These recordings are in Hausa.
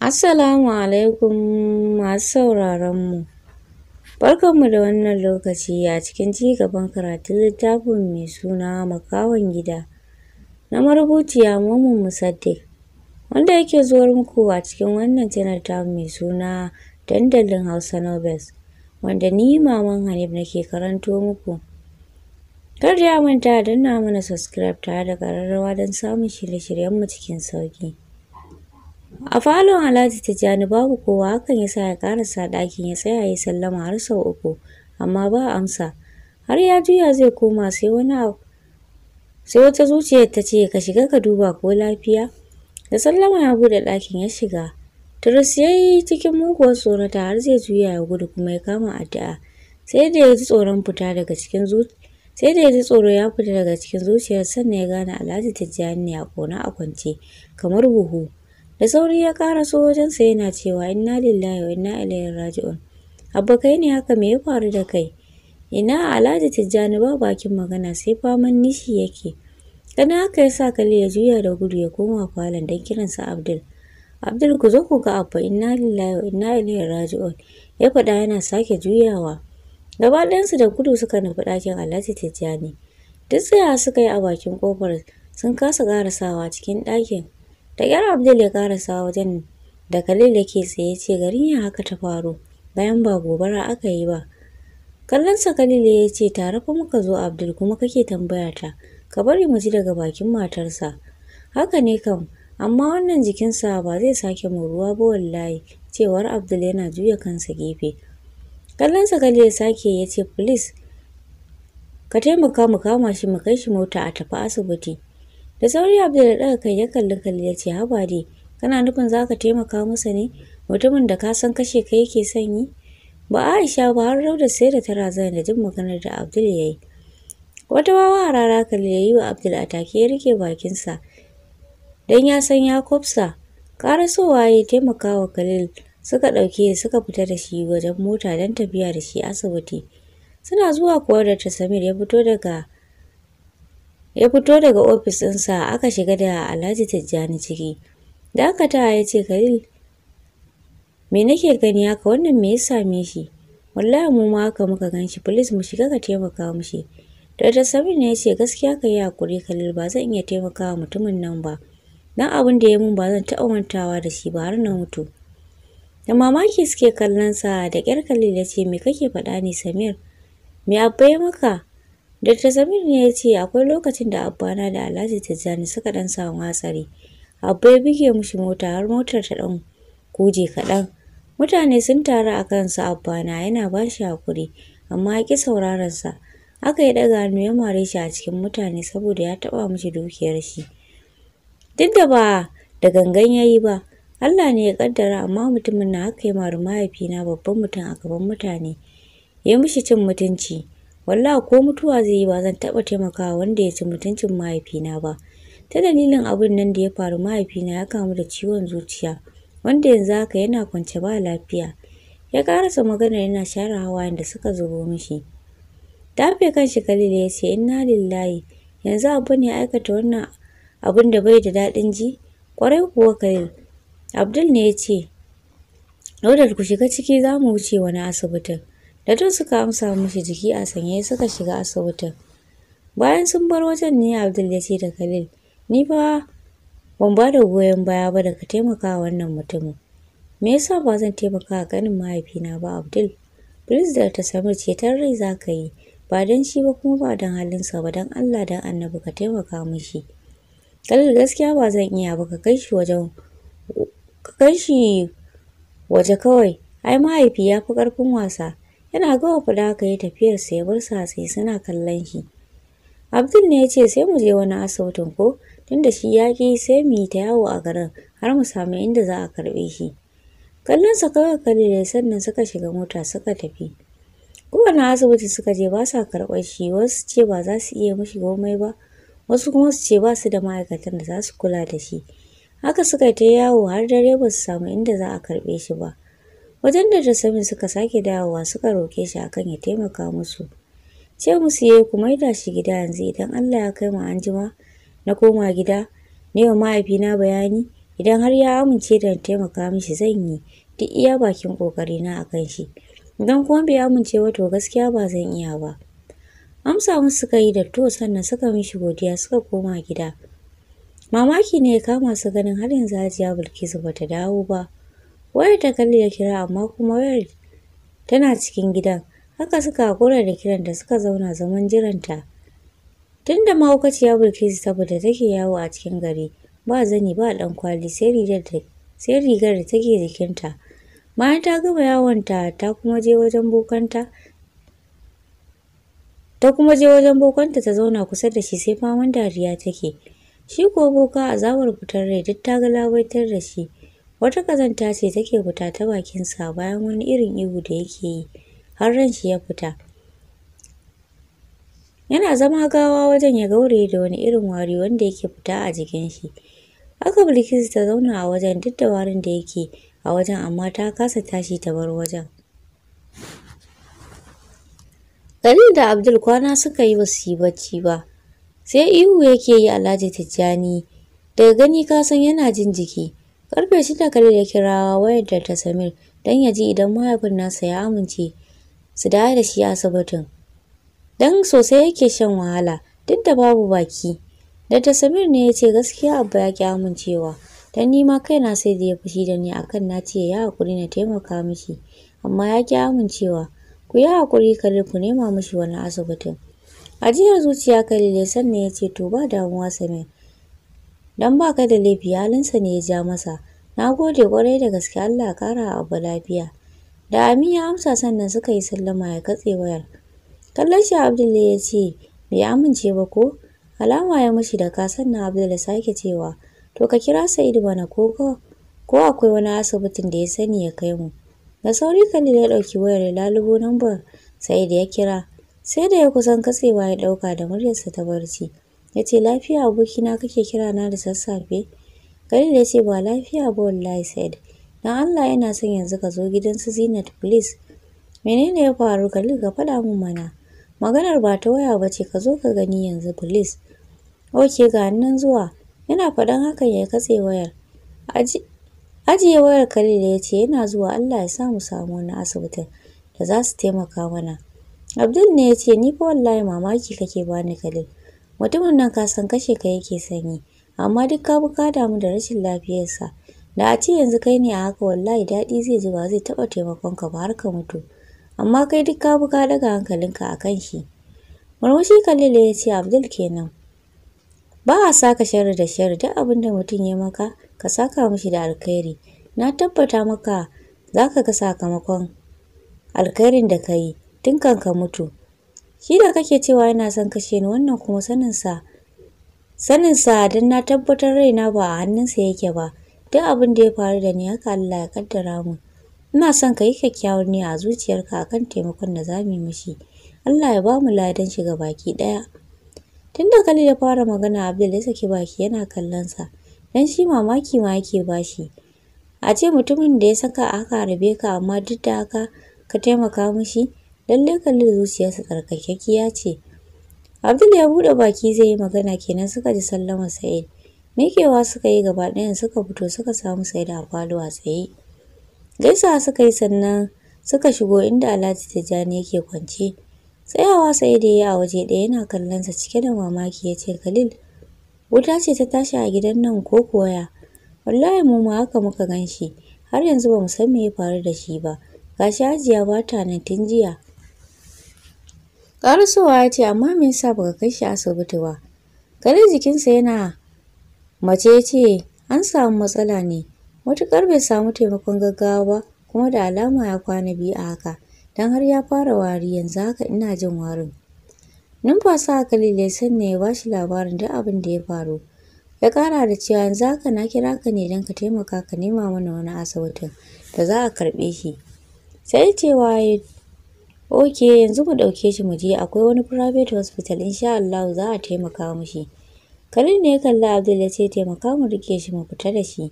Assalamu alaikum masu sauraronmu. Barkanmu da wannan lokaci a cikin ci gaban karatun littafin mai suna makawan gida na marubuciya Momin Musaddiq wanda yake zuwar muku a cikin wannan janar ta mai suna dandalin Hausa Novels wanda ni Maman Hanif nake karanto muku. Kar da manta danna mana subscribe tare da ƙararrawa don samun shirye-shiryenmu cikin sauƙi. A falon Alhaji Tijjani babu kowa hakan ya sa ya sa ɗakin ya tsaya ya sallama har sau uku amma ba amsa. Har ya juya zai koma sai wani Sai wata zuciyar ta ce ka shiga ka duba ko lafiya. Da sallama ya bude ɗakin ya shiga. Turis ya yi cikin muguwar tsorata har zai juya ya gudu kuma ya kama addu'a. Sai da ya ji tsoron fita daga cikin Sai da ya ji tsoro ya fita daga cikin zuciyar sannan ya gane Alhaji Tijjani ne a kona a kwance kamar buhu. da sauri ya kara su wajensa yana cewa inna lillahi wa inna ilaihi raji'un abba kai ne haka me ya faru da kai ina alhaji tijjani ba bakin magana sai faman nishi yake kana haka ya sa kali ya juya da gudu ya koma falon don kiransa abdul abdul ku zo ku ga abba inna lillahi wa inna ilaihi raji'un ya faɗa yana sake juyawa gaba ɗayansu da gudu suka nufi ɗakin alhaji tijjani duk tsaya suka yi a bakin ƙofar sun kasa ƙarasawa cikin ɗakin Da Abdul ya karasa wajen da Khalil yake tsaye ce garin ya haka ta faru bayan ba gobara aka yi ba. Kallonsa Khalil ya ce tare fa muka zo Abdul kuma kake tambaya ta ka bari mu ji daga bakin matarsa. Haka ne kam amma wannan jikinsa ba zai sake mu ruwa ba wallahi cewar Abdul yana juya kansa gefe. Kallonsa Khalil ya sake ya ce please ka taimaka mu kama shi mu kai shi mota a tafi asibiti da sauri abdul da kai ya kalli kalli ya ce haba dai kana nufin za ka taimaka masa ne mutumin da ka san kashe ka yake son yi ba aisha ba har rauda sai da tara zai da jin maganar da abdul ya yi wata wawa rara kalli ya yi wa abdul a take ya rike bakinsa don ya san ya kofsa karasowa ya taimaka wa khalil suka ɗauke suka fita da shi wajen mota don tafiya da shi asibiti suna zuwa kuwa da tasamir ya fito daga ya fito daga ofis ɗinsa aka shiga da alhaji tijjani ciki da aka ta ya ce khalil me nake gani haka wannan me ya same shi wallahi mu ma haka muka gan shi please mu shiga ka taimaka mishi Da Samir ne ya ce gaskiya ka yi hakuri Khalil ba zan iya taimakawa mutumin nan ba. Dan abin da ya mun ba zan taɓa mantawa da shi ba har na mutu. Da mamaki suke kallon sa da ƙyar Khalil ya ce me kake faɗa ne Samir? Me abba ya maka? Dr. Samir ne ya ce akwai lokacin da Abba na da Alhaji Tijjani suka dan samu hatsari. Abba ya bige mushi mota har motar ta dan kuje kaɗan. Mutane sun taru a Abba na yana ba shi hakuri amma ya ƙi sauraron sa. Aka yi ɗaga hannu ya mare shi a cikin mutane saboda ya taɓa mushi dukiyar shi. Duk da ba da gangan ya yi ba, Allah ne ya kaddara amma mutumin na haka ya mari mahaifina babban mutum a gaban mutane. Ya mishi cin mutunci. wallahi ko mutuwa zai yi ba zan taɓa taimakawa wanda ya ci mutuncin mahaifina ba ta dalilin abin nan da ya faru mahaifina ya kamu da ciwon zuciya wanda yanzu haka yana kwance ba lafiya ya karasa magana yana share hawayen da suka zubo mishi kan shi, kalil ya ce inna lillahi yanzu abu ne aikata wannan abin da bai da daɗin ji kwarai kuwa kalil abdul ne ya ce Rodar ku shiga ciki za mu wuce wani asibitin. da duk suka amsa mishi jiki a sanye suka shiga asibitin bayan sun bar wajen ne abdul ya ce da khalil ni ba ban ba da goyon baya ba da ka taimaka wannan mutumin me yasa ba zan taimaka a ganin mahaifina ba abdul please da ta ce ceton rai za ka yi ba don shi ba kuma ba don halinsa ba don allah don annabi ka taimaka mishi khalil gaskiya ba zan iya ba ka kai shi wajen ka kai shi waje kawai ai mahaifi ya fi ƙarfin wasa yana gama fada ka yi tafiyarsa ya bar hatsi suna kallon shi abdul ne ya ce sai mu je wani asibitin ko tunda shi ya ƙi sai mu yi ta yawo a garin har mu samu inda za a karɓe shi Kallon sa kawai kalile sannan suka shiga mota suka tafi kowane asibiti suka je ba sa karɓar shi wasu ce ba za su iya mishi komai ba wasu kuma su ce ba su da ma'aikatan da za su kula da shi haka suka ta yawo har dare ba su samu inda za a karɓe shi ba wajen da samin suka sake dawowa suka roke shi akan ya taimaka musu. Ce musu yayi ku maida shi gida yanzu idan Allah ya kai mu anjima na koma gida ne wa mahaifina bayani idan har ya amince da taimaka mishi zan yi duk iya bakin kokari na akan shi. Idan kuma bai amince ba to gaskiya ba zan iya ba. Amsa musu suka yi da to sannan suka mishi godiya suka koma gida. Mamaki ne ya kama su ganin har yanzu Hajiya Bilkisu bata dawo ba. wayar ta kalli ya kira amma kuma wayar tana cikin gidan haka suka haƙura da kiran da suka zauna zaman jiranta Tunda da mahaukaciya bilkisu saboda take yawo a cikin gari ba zani ba dan kwali sai rigar da take jikinta bayan ta gama yawonta ta kuma je wajen bokanta ta kuma je wajen bokanta ta zauna kusa da shi sai faman dariya take shi ko boka a zawar fitar rai duk ta ga labaitar da shi Wata ƙazanta ce take fita ta bakinsa bayan wani irin ihu da yake yi, har ran shi ya fita. Yana zama gawa wajen ya gaure da wani irin wari wanda yake fita a jikin shi. Haka Bilkisu ta zauna a wajen duk da warin da yake a wajen amma ta kasa tashi ta bar wajen. Gani da Abdul kwana suka yi basu yi bacci ba. Sai ihu yake yi Alhaji Tijjani. Daga gani ka san yana jin jiki. Karfe shida kare da kirawa wayar da ta Samir don ya ji idan mahaifin nasa ya amince su dawo da shi asibitin. dan sosai yake shan wahala duk da babu baki. Da ta Samir ne ya ce gaskiya Abba ya ki amincewa. Dan ni ma kaina sai da ya fushi da ni akan na ce ya hakuri na taimaka mishi amma ya ki amincewa. Ku yi hakuri kare ku nema mishi wani asibitin. Ajiyar zuciya kai ya sannan ya ce to ba damuwa Samir don ba ka da laifi halinsa ne ya ja masa na gode kwarai da gaske Allah ƙara abu lafiya da amin ya amsa sannan suka yi sallama ya katse wayar kallon shi abdullahi ya ce bai amince ba ko alama ya mashi da ka sannan abdullahi sake cewa to ka kira sa'idu bana ko ko akwai wani asibitin da ya sani ya kai mu da sauri kalli ya ɗauki wayar ya lalubo nambar sa'idu ya kira sai da ya kusan katsewa ya ɗauka da muryarsa ta barci ya ce lafiya abokina kake kira na da sassafe Khalil ya ce ba lafiya ba wallahi Said dan Allah yana son yanzu ka zo gidan su Zinat please menene ya faru Khalil ka faɗa min mana maganar ba ta waya ba ce ka zo ka gani yanzu please ok ga nan zuwa yana faɗan hakan ya katse wayar ajiye wayar Khalil ya ce yana zuwa Allah ya sa mu samu wani asibitin da za su taimaka mana Abdul ne ya ce ni fa wallahi mamaki kake bani Khalil mutumin nan ka san kashe ka yake sanyi amma duk ka buka damu da rashin lafiyarsa da a ce yanzu kai ne a haka wallahi daɗi zai ji ba zai taɓa taimakon ka ba har ka mutu amma kai duk ka buka daga hankalinka a kan shi murmushi kalilu ya ce abdul kenan ba a saka sharri da sharri duk abin da mutum ya maka ka saka mishi da alkhairi na tabbata maka za ka ga sakamakon alkhairin da ka yi tun kan ka mutu Shi da kake cewa yana son kashe ni wannan kuma saninsa. Saninsa don na tabbatar raina ba a hannunsa yake ba. Duk abin da ya faru da ni haka Allah ya kaddara mu. Ina son ka yi kyakkyawar niyya a zuciyarka akan taimakon da za mu yi mishi. Allah ya ba mu ladan shiga baki ɗaya. Tun da ya fara magana Abdul ya saki baki yana kallonsa. Dan shi mamaki ma yake bashi. A ce mutumin da ya saka aka rabe ka amma duk da haka ka taimaka mishi lallai kallon zuciyarsa tsarkakekiya ce abdul ya buɗe baki zai yi magana kenan suka ji sallamar sa'id mikewa suka yi gaba ɗayan suka fito suka samu sa'id a falo a tsaye gaisawa suka yi sannan suka shigo inda alhaji tijjani yake kwance tsayawa sai da ya a waje ɗaya yana kallon sa cike da mamaki ya ce khalil wuta ce ta tashi a gidan nan ko koya wallahi mu ma haka muka gan shi har yanzu ba mu san me ya faru da shi ba gashi ajiya ba ta nan tun jiya Karasowa ya ce amma me yasa baka kai shi asibiti ba? Gare jikinsa yana mace ya ce an samu matsala ne matuƙar bai samu taimakon gaggawa ba kuma da alama ya kwana biyu a haka dan har ya fara wari yanzu haka ina jin warin. Numfasa a kalile sannan ya shi labarin duk abin da ya faru. ya ƙara da cewa yanzu haka na kira ka ne don ka taimaka ka nema mana wani asibitin da za a karɓe shi sai cewa ok yanzu mu ɗauke shi mu je akwai wani private hospital insha Allah za a taimaka mishi kalin ne ya kalla Abdul ya ce taimaka mu rike shi mu fita da shi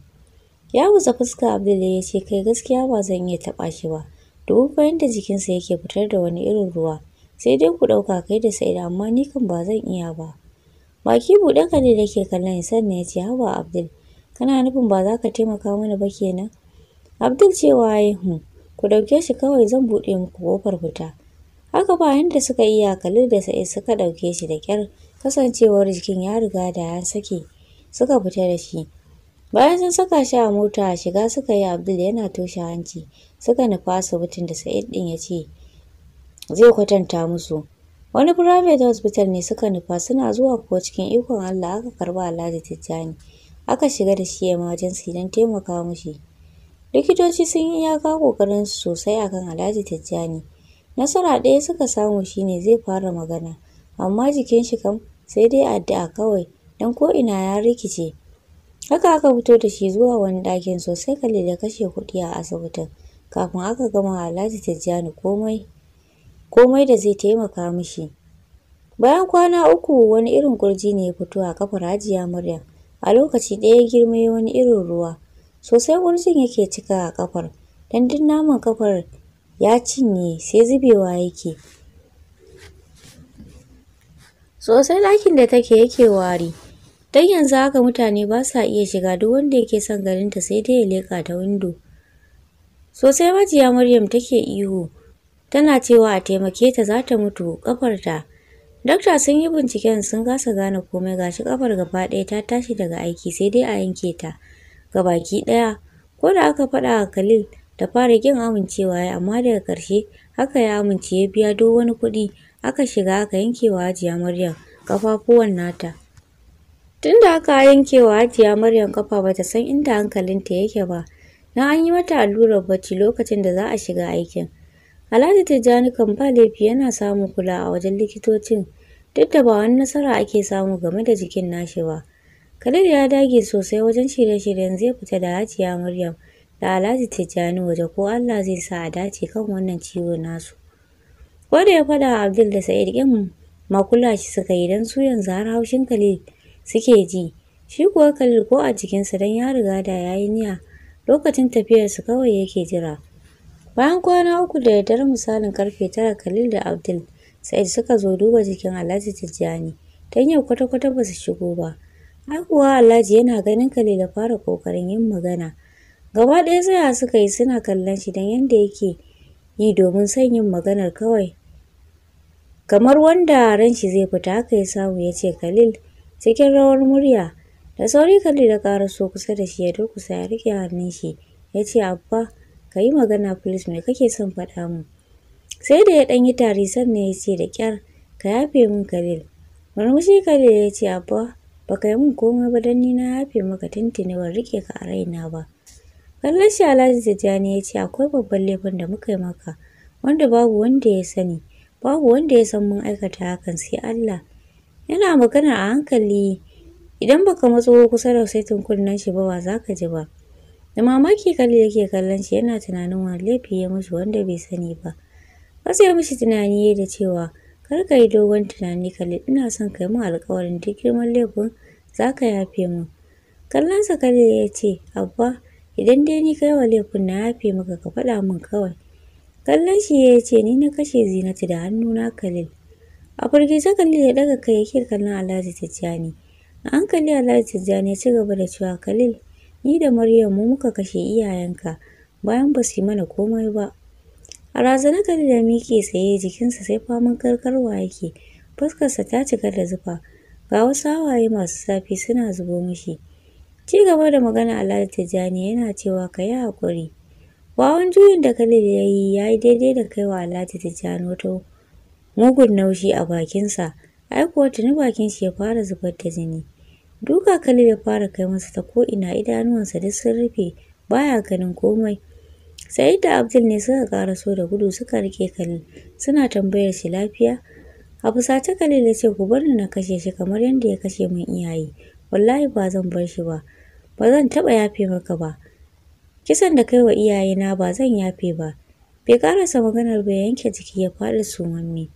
ya wuce fuska Abdul ya ce kai gaskiya ba zan iya taɓa shi ba domin fa yanda jikinsa yake fitar da wani irin ruwa sai dai ku ɗauka kai da Sa'ida amma ni kan ba zan iya ba baki buɗe ne yake kallon ne ya ce haba Abdul kana nufin ba za ka taimaka mana ba kenan Abdul cewa ya hu hmm. ku ɗauke shi kawai zan buɗe muku ƙofar fita haka ba yanda suka iya kalil da sai suka ɗauke shi da ƙyar kasancewar jikin ya riga da ya sake suka fita da shi bayan sun saka shi a mota shiga suka yi abdul yana toshe hanci suka nufa asibitin da sa'id ɗin ya ce zai kwatanta musu wani private hospital ne suka nufa suna zuwa kuwa cikin ikon Allah aka karba Alhaji Tijjani aka shiga da shi emergency don taimaka mushi likitoci sun yi iyaka su sosai akan alhaji tijjani nasara ɗaya suka samu shine zai fara magana amma jikin shi kam sai dai addu'a kawai don ko ina ya rikice haka aka fito da shi zuwa wani ɗakin sosai kalli da kashe kuɗi a asibitin kafin aka gama alhaji tijjani komai komai da zai taimaka mishi bayan kwana uku wani irin ƙurji ne ya fito a kafar hajiya maryam a lokaci ɗaya ya girma wani irin ruwa sosai ƙurjin yake cika a ƙafar don duk naman ƙafar ya cinye sai zubewa yake sosai ɗakin da take yake wari don yanzu haka mutane ba sa iya shiga duk wanda yake son garinta sai dai ya leƙa ta windo sosai majiya Maryam take ihu tana cewa a taimake ta za ta mutu ƙafarta. Dakta sun yi binciken sun kasa gane komai gashi ƙafar gaba ɗaya ta tashi daga aiki sai dai a yanke ta. Ga baki ɗaya. Ko da aka faɗa wa Khalil da fara kin amincewa ya amma daga ƙarshe haka ya amince ya biya duk wani kuɗi aka shiga aka yanke wa Hajiya Maryam kafafuwan nata. Tunda aka yanke wa Hajiya Maryam kafa ta san inda hankalinta yake ba. Na an yi mata allurar bacci lokacin da za a shiga aikin. Alhaji Tijjani kan ba laifi yana samun kula a wajen likitocin duk da ba wani nasara ake samu game da jikin nashi ba. khalil ya dage sosai wajen shirye-shiryen zai fita da Hajiya Maryam da Alhaji Tijjani waje ko Allah zai sa a dace kan wannan ciwo nasu. Ko da ya faɗa Abdul da Sa'id ɗin makula shi suka yi dan su yanzu har haushin Khalid suke ji. Shi kuwa Khalid ko a jikinsa dan ya riga da yayi yi niyya lokacin tafiyarsu kawai yake jira. Bayan kwana uku da daddare misalin karfe tara Khalil da Abdul Sa'id suka zo duba jikin Alhaji Tijjani. Don yau kwata-kwata ba su shigo ba. Har kuwa Alhaji yana ganin Kale da fara kokarin yin magana. Gaba ɗaya a suka yi suna kallon shi dan yanda yake yi domin son yin maganar kawai. Kamar wanda ran shi zai fita haka ya samu ya ce Khalil cikin rawar murya. Da sauri Khalil ya so kusa da shi ya durkusa ya riƙe hannun shi ya ce Abba ka yi magana please me kake son faɗa mun Sai da ya ɗan yi tari sannan ya ce da kyar, ka yafe min Khalil. Murmushi Khalil ya ce Abba ba ka yi min komai ba don ni na yafe maka tuntuni ban riƙe ka a raina ba. Kallon shi Alhaji Tijjani ya ce akwai babban laifin da muka yi maka wanda babu wanda ya sani babu wanda ya san mun aikata hakan sai Allah. Yana magana a hankali idan baka matso kusa da saitin kunnen shi ba ba za ka ji ba. Da mamaki kalli yake kallon shi yana tunanin wani laifi ya musu wanda bai sani ba. Wasu ya mishi tunani da cewa kar ka yi dogon tunani Khalid ina son kai yi min alƙawarin duk girman laifin za ka yafe min kallonsa Khalid ya ce abba idan dai ni kai wa laifin na yafe maka ka faɗa min kawai kallon shi ya ce ni na kashe zinatu da hannuna Khalid a firgice Khalid ya ɗaga kai yake kallon Alhaji Tijjani a hankali Alhaji Tijjani ya ci gaba da cewa Khalil ni da Maryam mu muka kashe iyayenka bayan ba su yi mana komai ba A razana da ya tsaye, jikinsa sai faman karkarwa yake, fuskarsa ta cika da zufa, ga wasu hawaye masu zafi suna zubo mishi. Ci gaba da magana Alhaji Tijjani yana cewa ka yi haƙuri. Wawan juyin da Khalid ya yi ya yi daidai da kaiwa Alhaji Tijjani wata mugun naushi a bakinsa, ai kuwa tuni bakin shi ya fara zubar da jini. Duka Khalid ya fara kai masa ta ko'ina idanuwansa duk sun rufe, baya ganin komai. Sa'id da Abdul ne suka karaso da gudu suka rike Khalil suna tambayar shi lafiya. A fusace Khalil ya ce ku bar ni na kashe shi kamar yadda ya kashe min iyaye. Wallahi ba zan bar shi ba. Ba zan taɓa yafe maka ba. Kisan da kai wa iyayena ba zan yafe ba. Bai karasa maganar ba yanke jiki ya faɗi ne.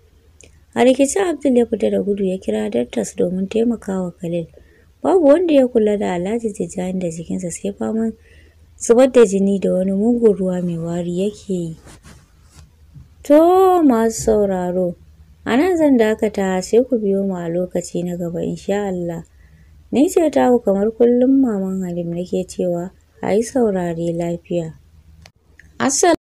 A rikici Abdul ya fita da gudu ya kira Dattas domin taimakawa Khalil. Babu wanda ya kula da Alhaji Tijjani da jikinsa sai faman zubar da jini da wani mugun ruwa mai wari yake yi. To masu sauraro, a nan zan dakata sai ku biyo mu a lokaci na gaba insha Allah. Ni ce taku kamar kullum Maman Halim nake cewa a yi saurare lafiya. Assalamu